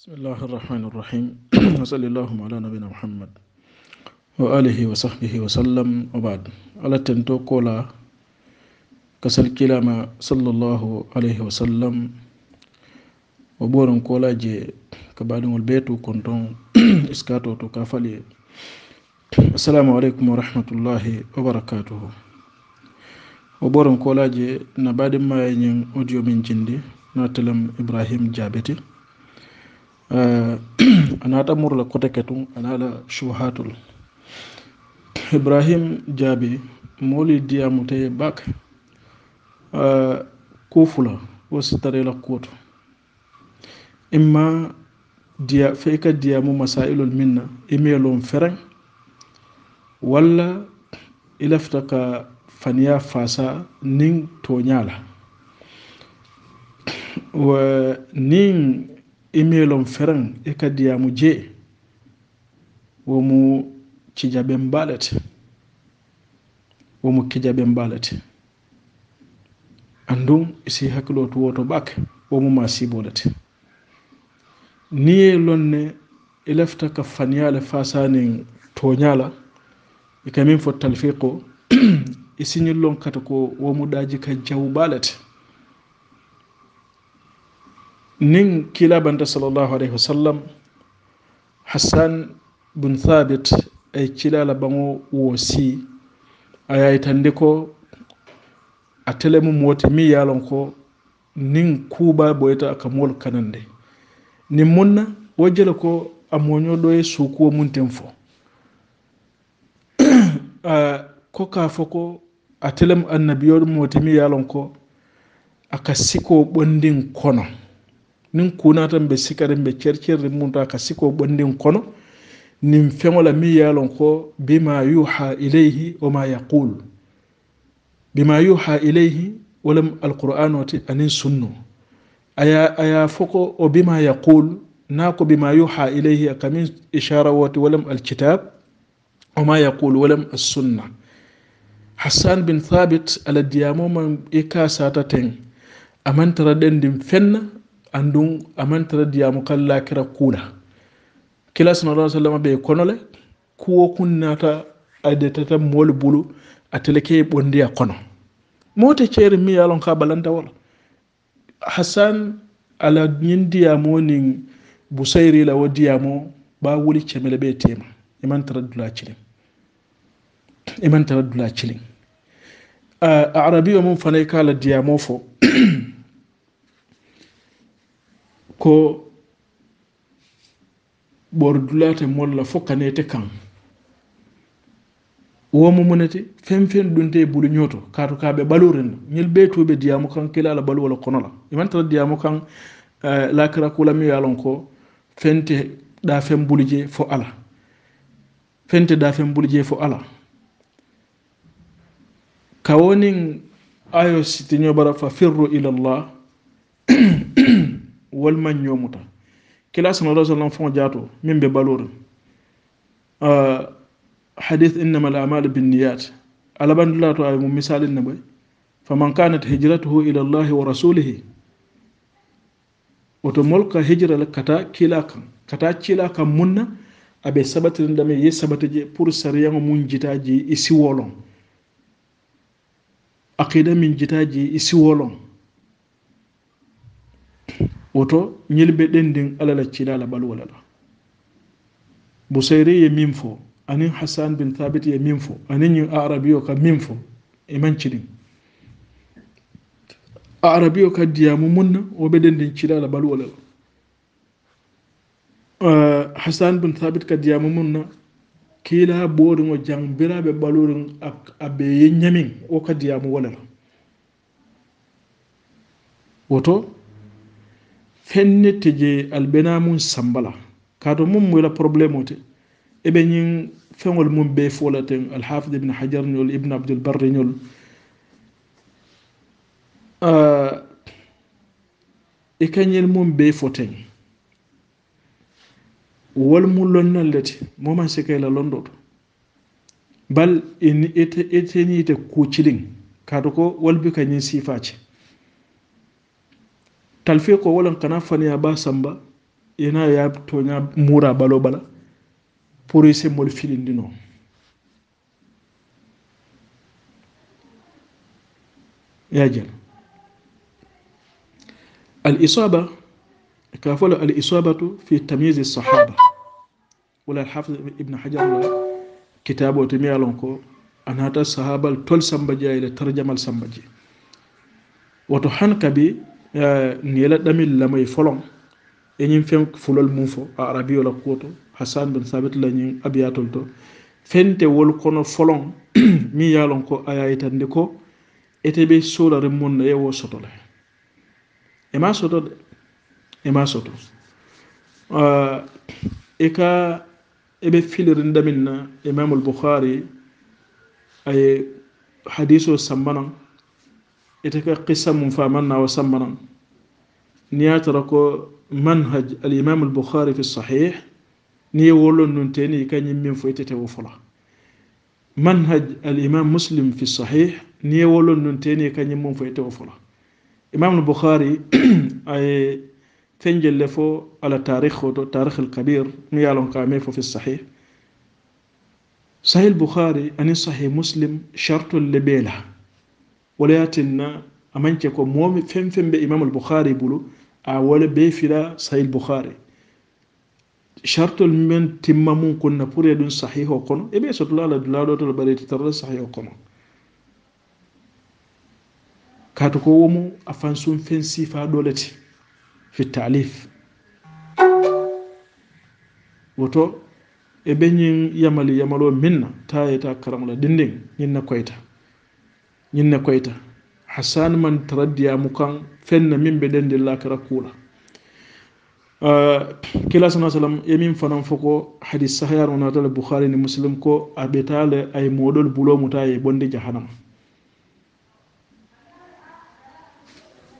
بسم الله الرحمن الرحيم وصلى اللهم على نبينا محمد وآله وصحبه وسلم وبعد على تنتو كولا كسل كلام صلى الله عليه وسلم وبورن كولا جي كبادن البيت كنتون اسكاتو تكافلي السلام عليكم ورحمة الله وبركاته وبورن كولا جي نبادن ما ينين أوديو من جندي ناتلم إبراهيم جابتي anata murla kote ketum anala shuhatul ibrahim jaabi moolu diyamu bak bak kufula wo sitarela kuwoto imma diya fe ka diyamu masailol minna na imeelon fereŋ walla i ka faniya fasa niŋ toña la niŋ imelom feran e kadiyamu jee womu cijaɓe mbalete womu kijaɓe mbalete andum isi e hakkilo to woto bak womuma sibolete niye lonne e lefta ka fanyale fasanin toñala e kamin fo talfiqo e siñillon kata ko womuɗaji ka jawu balete nin kilabanta salllahu alayhi wa sallam hassan bun thabit ay cilala baŋo wo si a yaytandi ko a telemu moti mi yalon ko nin kuba boyta aka mol kanande nin munna wo jele ko a moño ɗo ye sukuwo mun ten fo ko ka fo ko a telemu annabiyo moti mi yalon ko aka siko ɓondin kono min kuna tan ɓe sikare ɓe cercerde munta ka siko ɓondin kono nin feola mi yalon ko bima yuha ilayhi oma yaqul bima yuha ilayhi wolem alqur'an oti anin sunno aya aya foko o bima yaqul na ko bima yuha ilayhi akamin ishara woti wolem alkitab oma yaqul wolem assunna hassan bin thabit aladiyamoma ika e sata ten amantara ɗen ndin fenna anndun amantara diyamu kalla kira kuna kila sanalla sallama ɓe konole kuwo kunnata adetata mole bulu a telekeye ɓondiya kono mote ceeri mi yalon ka balanta wala hasan ala ñin diyamo nin busayri la wo diyamo ba wuli cemele ɓe tema imantara dula cilin imantara dula cilin arabi o mum fanay kala diyamo fo ko ɓordulata molla fokkanete kan womo munete fen fen ɗum de buɗo ñooto kato kaɓe ɓalurena ñel ɓe tuɓe diyamo kan kele ala balu wala konola imantata diyamo kan eh, lakira kulami yalon ko fente ɗa fen bulje fo ala fente ɗa fen bulje fo ala kawonin ayo sitiñobara fa firru ila llah walima ɲɔ muta kila sanadɔ sallam fɔn jato min bɛ balori hadith innama al-amal bin niyat alabandila to ay mum misali nabe faman kanat hijratuhu ila allah wa rasulih oto molka hijra la kata kila kata kila munna abe sabati dame ye sabati je pour sariyan mun jitaji isi wolon aqida min jitaji isi wolon woto ñilɓe ɗen nden alala cinala ɓalwolala bousayri ye min fo anin hasan bin thabit ye min fo anin ñin arabio ka min fo imancinin e arabio ka diyamu munna woɓe ɗen nden cinala ɓalwolala uh, hasan bin thabit ka diyamu munna kiila boorin o jangbiraɓe ɓalorin aɓe yeñamin o ka diyamu wolala woto fennete je albena mum sambala kato mum moyla probléme o te eɓe ñin feŋol mum be folaten alhafid ibne hajar ñol ibne abdulbarri ñol i ah, e kañel mum be foten wol mu lonnallete moman sikayla londoto bal e ite e ñiite kuciliŋ kato ko wol bi kañin sifa ce talfiko wala kana fani ya basamba ina ya tonya mura balobala pour ce mol filindino ya jal al isaba kafalo al isabatu fi tamyiz as sahaba wala al hafiz ibn hajar wala kitabu tamyiz ko anata sahaba al tol sambaji ila tarjamal sambaji wa tuhan kabi E la yela la may folon ñim fem fulol mum fo a arabiyol a hasan ben sabit lañin abiyatul to fente wol kono folon mi yalon ko a yayitande ko ete ɓe solare mun na yewo e ma soto de e ma soto e ka be filirin ɗamin na imamul bukhari aye hadiso sammanan إتكا قصة مفامنا وسمنا نياترك منهج الإمام البخاري في الصحيح نيولو ننتيني كان يمين فويتة وفلا منهج الإمام مسلم في الصحيح نيولو ننتيني كان يمين فويتة وفلا إمام البخاري أي تنجل لفو على تاريخه تاريخ الكبير ميالون كاميفو في الصحيح صحيح البخاري أن صحيح مسلم شرط لبيله wala yatinna a manke ko momi fen fen be imam albouhari bulu a wala be fila sahil bouhari chartol men timma mum konna pure ɗum sahih o kono eɓe sotolaalad laaɗotol ɓareti tarla sahih o kono kato ko womu a fan sum fen sifa ɗolete fi talif woto e ɓeñin yamali yamalo minna tayeta karamla dinding ñinna koyta ñin ne koyta hasan man taraddiya mukan fenna min be den dilla kara kula kila sana salam ye min fanan foko hadis sahayar ona tala bukhari ni muslim ko abetale ay modol bulo muta ye bonde jahannam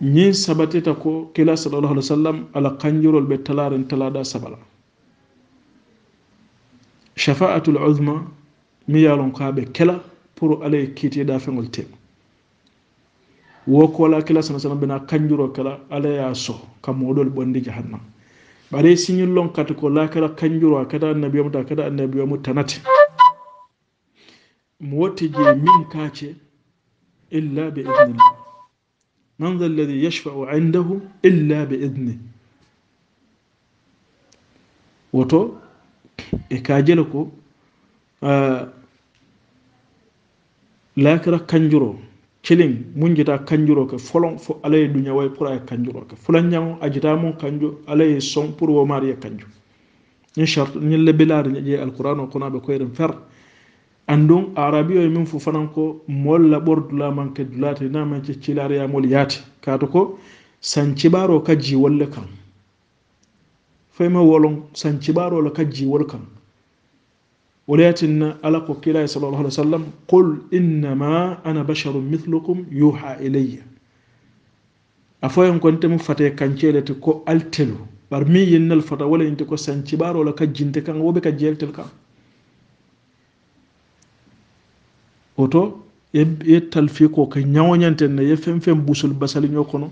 ñin sabatita ko kila sallallahu alaihi wasallam ala kanjurol be talaren talada sabala shafa'atul uzma mi yalon ko be kela pour alay kiti da fengol tema wo kola kila sana sana bena kanjuro kala ala ya so kamodol bondi jahannam bare sinyullon kat ko la kala kanjuro kada annabi mu ta kada annabi mu tanati muwati je min kace illa bi idnillah man dha alladhi yashfa'u indahu illa bi idni woto e kajele ko uh, ah, lakira kanjuro kelin munjita kanjuro ke folon fo alaye duña way pour aye kanjuro ke fulanñan ajita mun kanju alaye son pour womaar ye kanju ñin chart ñin lebbilaari ñaƴe alqouran o konaɓe koyren fer andun arabiyo e min fo fanan ko mool laɓor dulamanke dulate naman ceccilaariyamol yaate kaato ko sanciɓaaro ka jiwolle kan fayma wolon sanciɓaarola ka jiwol kan ولاتن على قكلا صلى الله عليه وسلم قل إنما أنا بشر مثلكم يوحى إلي أفوينكنتم فتي كنشيلت كو ألتلو برمي ين الفتا ولا ينت كو سانتبار ولا كجنت كان وبك جيلتل كان oto ye talfi ko ka ñawoñanten na ye fen fen busol basaliño kono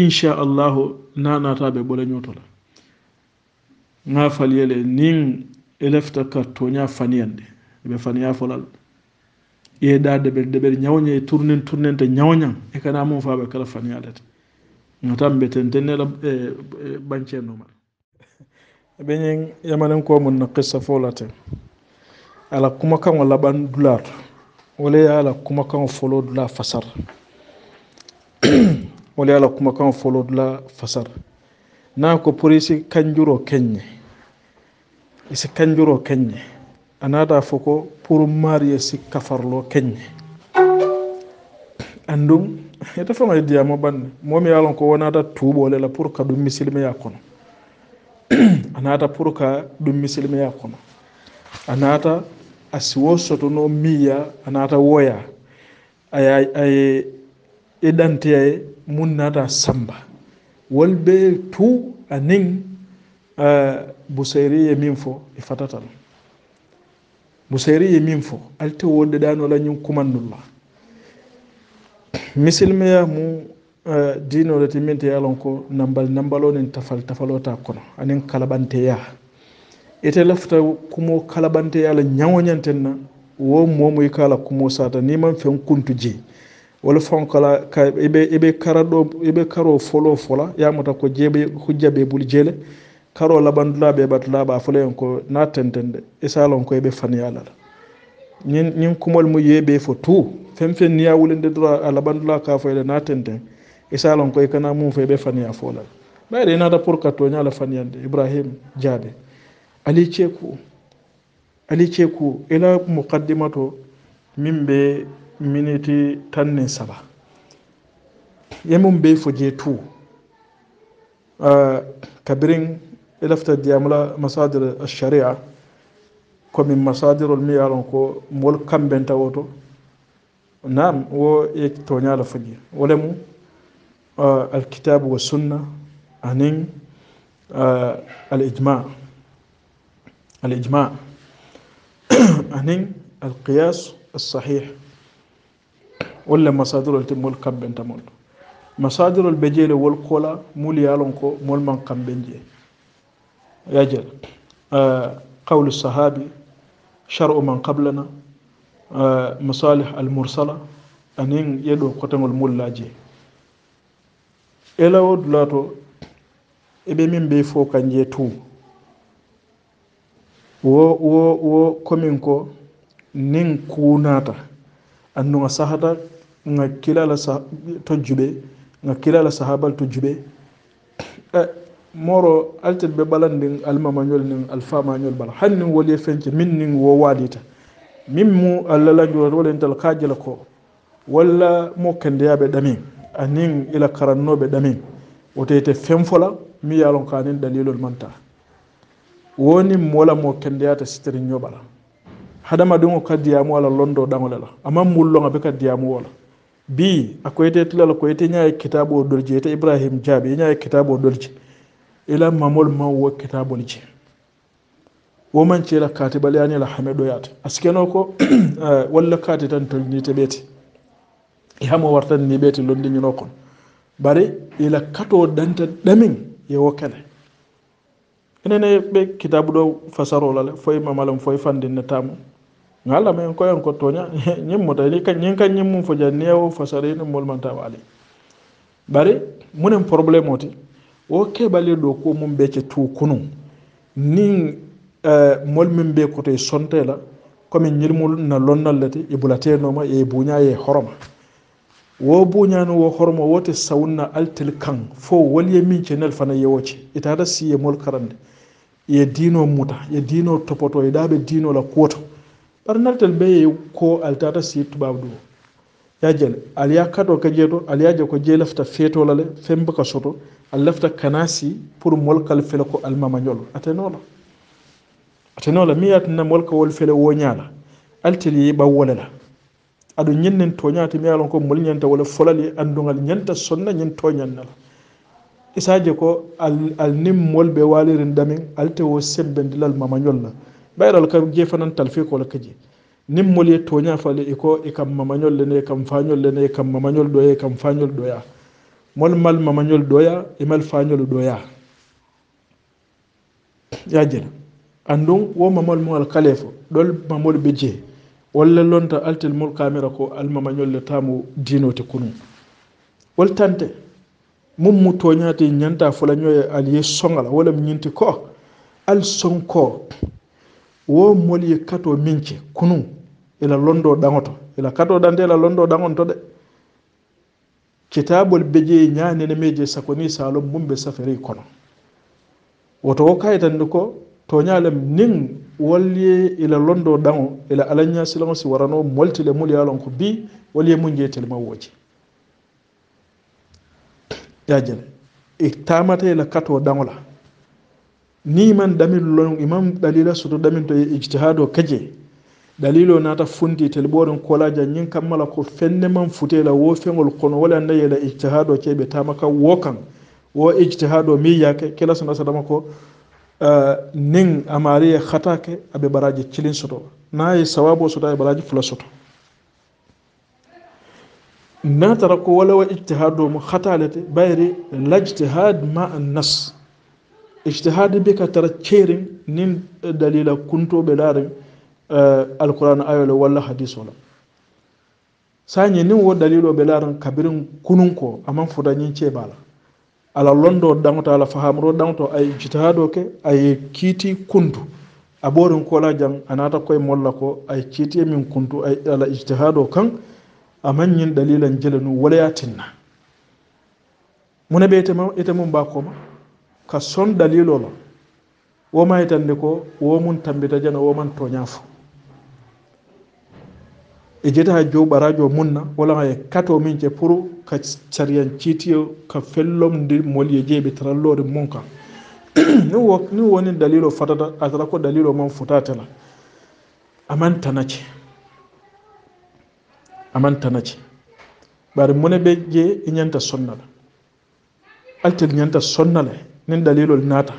inchallahu nanataɓe ɓole ñotola ga falyele nin elefta ka toña faniyande ɓe faniya folal ƴeeɗa deɓen deɓen ñawña e tournen tournente ñawñan e kana mum faɓe kala faniyadete gatan e, e ɓe tentenela e ɓanceenoman ɓeñen yamanen ko mum no qissa folaten ala kuma kan o laɓan dular woleya ala kuma kan o folo dula fasar woleya ala kuma kan o folo dula fasar na ko porisi kanjuro kenñe isi kanjuro kenñe a naata fo ko pour marie si kafarlo kenñe andum ete fangay diyamo banne momi yalon ko wonata tuuɓolela pour ka ɗum misilmeya kono a naata pour ka ɗum misilmeya kono a naata a siwo sotono miya a naata woya aya aye iɗanteyaye mum naata samba wolɓe tu anin uh, busayri ye min fo e fatatal busayri ye min fo alte wonde ɗano lañum kumannulla misilmeya mu uh, dinole ti min te yalon ko nambal nambalonen tafal tafalota kono anen kalaɓanteya ete lafta kumo kalaɓante yala ñawoñanten na wo momuy kala kumo sata niman fen kuntu je wala fonkala ka, ibe, ibe karaɗo ibe karo folo fola yamata ko jeɓe hujjaɓe buli jeele karo labandulaɓe e batulaɓa fola en ko nattenten de koye ɓe fani alala ñin kumol mu yeeɓe fo tout fen fen niya wulinde dora a labandula ka foyde nattenten e koye kana mum foye ɓe faniya folal ɓayde inata pour ka toñala faniyande ibrahima diaɓe ali ceeku ali ceeku ila muqaddima to min ɓe miniti tannin saba yemum ɓe fo jee tout ah, kabirin إلفت دياملا مصادر الشريعة كمن مصادر المياه لونكو مول كم بنتا وتو نعم و يكتونيا لفجي ولمو آه الكتاب والسنة أنين آه الإجماع الإجماع أنين القياس الصحيح ولا مصادر التمول كم بنتا مول مصادر البجيل والقولا مول يالونكو مول من كم بنجي yajal eh, qawlu sahabi charu man qablana eh, musalih al mursala anin yeɗo kotagol mullaji elawo dulato eɓe min be fo kanje tu wo wo wo komin ko nin kunata annuga sahata ga kilala to juɓe ga kilala sahabal to juɓe eh, moro altel ɓe ɓalan ndin almamañol nin alfamañol bala hannin wolie fenke min nin wo waalita min mu allalanjuro walental kajila ko walla mo kendeyaɓe ɗamin anin ila karannoɓe ɗamin otoyite fenfola mi yalon kanin dalilol manta woni mola mo kendeyata sitiri ñoɓala hadamaɗumo kaddiyamu ala londo ɗaŋolela ama mulloŋa ɓe kaddiyamu wola bi akoyite tilala koyite ñaye kitabu o dolji yite ibrahim diaɓe ñaye kitabu o dolji ila mamol man wo kitabol je woman cela kate ɓaleyanela hame ɗoyata askeno ko eh, wala kate tan tolnite ɓeete e hamo wartan ni beti ɓeete londiñino kon bari ila kato danta damin ye wo kala kene enene ɓe kitabu ɗo fasarolale foy mamalam na fandinnetamo ngala men yon ko tonya toña ñimmota ni ñin kan ñimmum fo fasare ni mol man ali bari munen probléme oti wo keɓalirɗo ko mum mbeece tukunu nin uh, eh, molmin mbiye kotoye sonte la komin ñilmol na lonnallete e bulatenoma e buña ye horoma wo buñani wo horoma wote sawunna altel kan fo waliye min cenel fana yewoce itata e siye mol karande ye dino muta ye dino topoto e ɗaɓe dino la kuwoto ɓar naltel ɓe ye ko altata si tubabe ɗuo yajel ali ya kato ka jeto ali ya jako je lafta feto lale fembe ka soto al lafta kanasi pour mol kal fele ko al mama nyol atenola atenola mi yat mol ka wol fele wo nyaala altili ba wolala adu nyennen to nyaati mi yalon ko mol nyanta wala folali andungal nyanta sonna nyen to nyannala isaje ko al al nim mol be walirin damin alte wo sebbe dilal la bayral ka je fanan talfi ko la kaje nin mol ye toña fale iko i kam mamañol lene kam fañol lene i kam mamañol ɗoya i kam fañol ɗoya mol mal mamañol ɗoya imal fañol ɗoya yajena andun wo mamol mowal kale fo ɗol mamol ɓe jee walla lonta altel mol kamira ko almamañol le tamu dinote kunu wol tante mum mu toñate ñanta folañoye aliye soŋala walla mi ñinti ko al sonko wo moli ye kato min ke kunu ila londo daŋo to ila kato dante la londo daŋon to de kitabol be je ñanene me je sakoni salo mum be safari kono woto wo kayitandi ko toñalem nin wolye ila londo daŋo ila alaña silaŋo si warano molti le mulu ye lon ko bi wolye mun je telema woje yajele tamata ila kato daŋo la ni man ɗamil lon imam dalila soto ɗamin to e ijtihad o kaje dalilo nata fundi e tel ɓoren kolaja ñin kammala ko fenne man futela wo feŋol kono wala anna yela ijtihad o keɓe tamaka wo kan wo ijtihad o mi yake kela sona sadama ko uh, nin amariye hatake aɓe baraji cilin soto naye sawabu o soto aɓe baraji fula soto natara ko wala wa ijtihad o mo hatalete bayri lijtihad ma annas ijtihadi eh, be ka tara ceerin nin eh, dalila kuntoɓe laren alqur'an ayole walla hadise ola sanye nin wo dalilo be laren kabirin kunun ko aman nin ce bala ala londo dangota ala fahamuro dangoto ay ijtihado ke ay kiiti kuntu a ko kola jam anata koy molla ko ay kiti min kuntu ay ala ijtihado kan aman ñin dalilan jele nu waleya tinna mune ɓe itema ite ba koma ka son dalilola womayitandi ko womun tambita jana woman toña fo e jeta ha jow ɓaradio munna walaa e kato min ce pour ka sariyan citiyo ka fellomdi mol ye jeeɓe tarallore mun ka ni ni woni dalilo fatata atata ko dalilo man futatena aman tanace aman tanace bari mone ɓe je i ñanta sonnala altel ñanta sonnala nin dalilol nata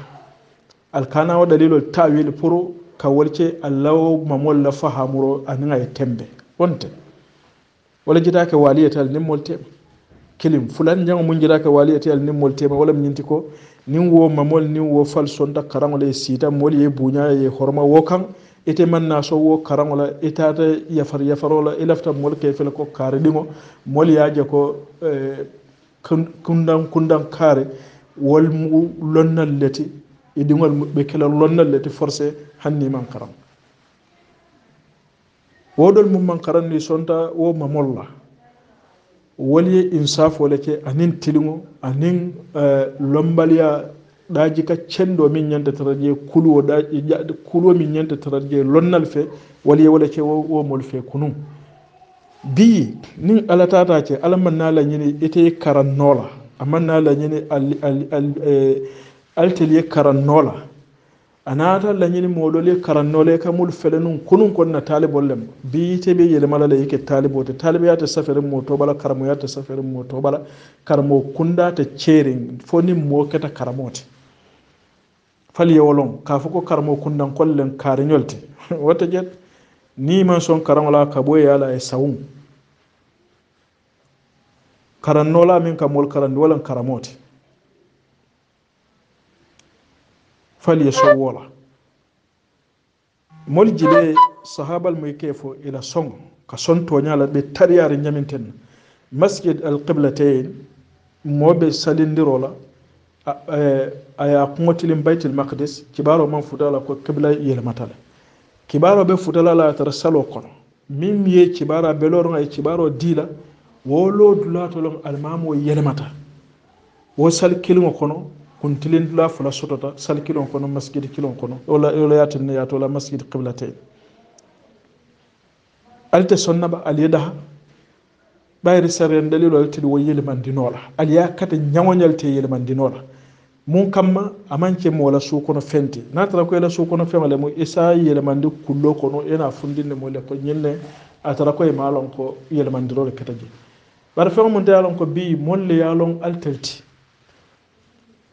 alkanawo dalilol tawil pour ka wolce allawo mamol la fahamuro aniŋa ye tembe wonte wala jita ke waliyetal nin mol tema kilim fulan jaŋo mun jita ke waliyetal nin mol tema wala ñinti ko nin wo mamol nin wo fal sonta karaŋo la e ye siita mool ye buña ye horoma wo kaŋ ite man na wo karaŋo la itata yafar yafaro la i lafita kefele ko kaari ɗiŋo moolu ye je ko eh, kundan kundan wolmu lonnal leti e ɗigol muɓɓe kela lonnal leti forcé hanni mankaran woɗol mum mankaran ni sonta wo mamolla woliye insafoleke anin tilgo anin eh, lombaliya ɗaji ka cendo min ñande taradie kuluwo kuluwo min ñande taradie lonnal fe waliye woleke wo mol fe kunu bi nin alatatake alamannala ñini ite karannola E, a na naa laɲini ali teli ye karannɔ la a naata laɲini moodolu ye karannɔ la i ka mulu felenun kunun kon na taalibol lem bii te be yelemala la i ke taalibo te taalibiya te safere moo to bala karamoya te safere moo to bala karamo kunda te ceerin fo ni moo keta karamo te fal ye wolon k'a fɔ ko karamo kundankol len kaariñol te jet ni man son karaŋo la ka boye ye a sawun karannola min kam wol karandi walan karamote faliya sowwola mol jile sahabal moy ke fo ila song ka son toñala ɓe tariyare ñaminten masjid al qiblatain moɓe salindirola aya e, kuŋotilin baytel makdis kibaro man futala ko kibla yelmatala kibaro ɓe futalala tara salo kono min ye kibara beloroŋa ye kibaro dila woloo dulaatolon almaamoo yelmata wo salkiliŋo kono kuntilin dulaa fula sotota salkiloŋ kono masjidi kiloŋ kono wola yaatinna yaato wola masjidi kiblateni alite sonnaba ali ye daha ɓayri sarren dalilu alitili wo yelimandinoola ali ye kata ñaŋoñalite yelimandinoola mun kamma amanke moola suu kono fenti natara ko ela suu kono fema le mu isa yelimandi kullo kono ena fundinne mu le ko ñinne atara koye maa lon ko yelimandirole kata jee bara feŋ mun te ko bii moolu le ye a loŋ ali telu ti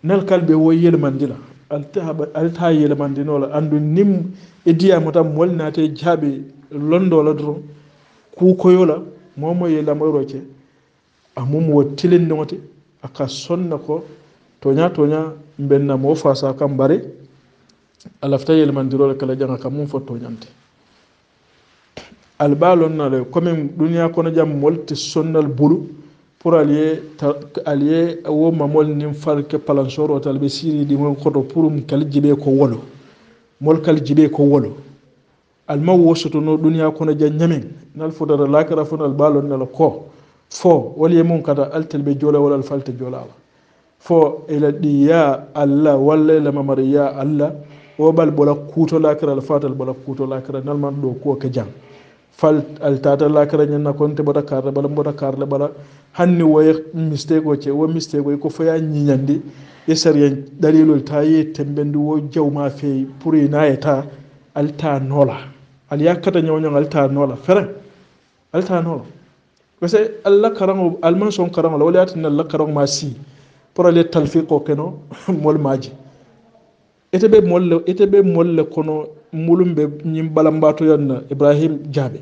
nelu be wo yelemandi la ali te ali andu yelemandinoo la anduŋ niŋ i diyaamu taŋ moolu naata i jaabi la doroŋ kuukoyo la moo mo ye lamoyiroo ke a muŋ wo tilindiŋo ti a ka ko toña toña benna moo faasaa kam bare a lafita yelemandiroo le ke la ka muŋ fo toñante albaalon nale comme duniya kono jam molte sonnal bulu pour al ye al ye wo mamol nin falke palansoro tal ɓe siri ɗimon koto pour m kal jibe ko wolo mol kal jibe ko wolo alma wosotono duniya kono jam ñamen nal fotata lakara fon albaalon nala ko fo wolye mum kata altel ɓe joola wala al falte joolawa fo ela ɗi ya allah walla ela mamar ya allah o ɓal ɓola kuuto lakara al fatal ɓola kuuto lakara nalman ɗo kuo ke jang fal altatala karañanna konte bota karle ɓala bota karle ɓala hanni woye mistake o ce wo mistake oy ko foya ñiñandi e sarien dalilol ta ye tembendi wo jawma feewi pour ina e eta alta noola ala kata ñawñong alta noola ferin alta noola parce que allah karao alman son karao la woleyatani allah karao ma si pour ale talfiqo keno mol maji ete ɓe molle ete ɓe molle kono mulum be ñim balambatoyanna ibrahim jaabe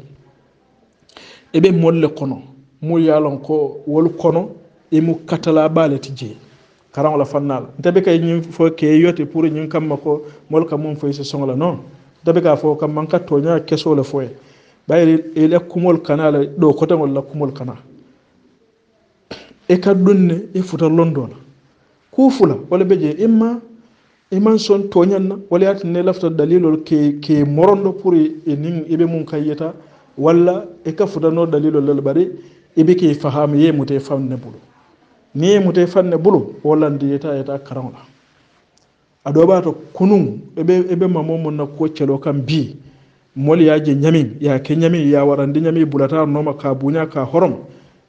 ebe molle kono mu yalon ko wol kono emu katala baale ti jee karaŋo la fannal tabe kay ñiŋ fo ke yote pour ñiŋ kam mako mol kam muŋ foyi se songla non tabe ka fo kam man katto nya keso le fo bayri ele kumol kana la ɗo koteŋol la kumol kana e ka duŋ ne futa londoo kufula wala beje imma iman son toñan na wala yaati ne lafta dalilol ke ke morondo pour e nin eɓe mum kayyata walla e ka futano dalilol lel ɓari eɓe ke fahama yemute fanne bulo ni yemute fanne bulo wallandi yeta yeta karanla aɗoɓato konum eɓe eɓe mamomon na ko celo kam bi mol yaji ñamin ya ke ñamin ya warandi ñami bulatanoma ka buña ka horom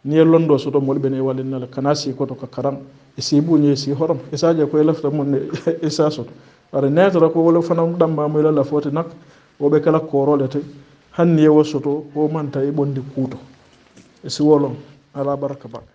ni e londo soto moɗo ɓene e wallinnala kana si koto ko karan e siibuñi e si horom isaje e koye lefta mumne isa e soto ara netata ko wole fana ɗammamuylalla e foti nak oɓe kala korole tawi hanni yewo soto o manta e ɓondi kuuto e siwolon ala baraka bak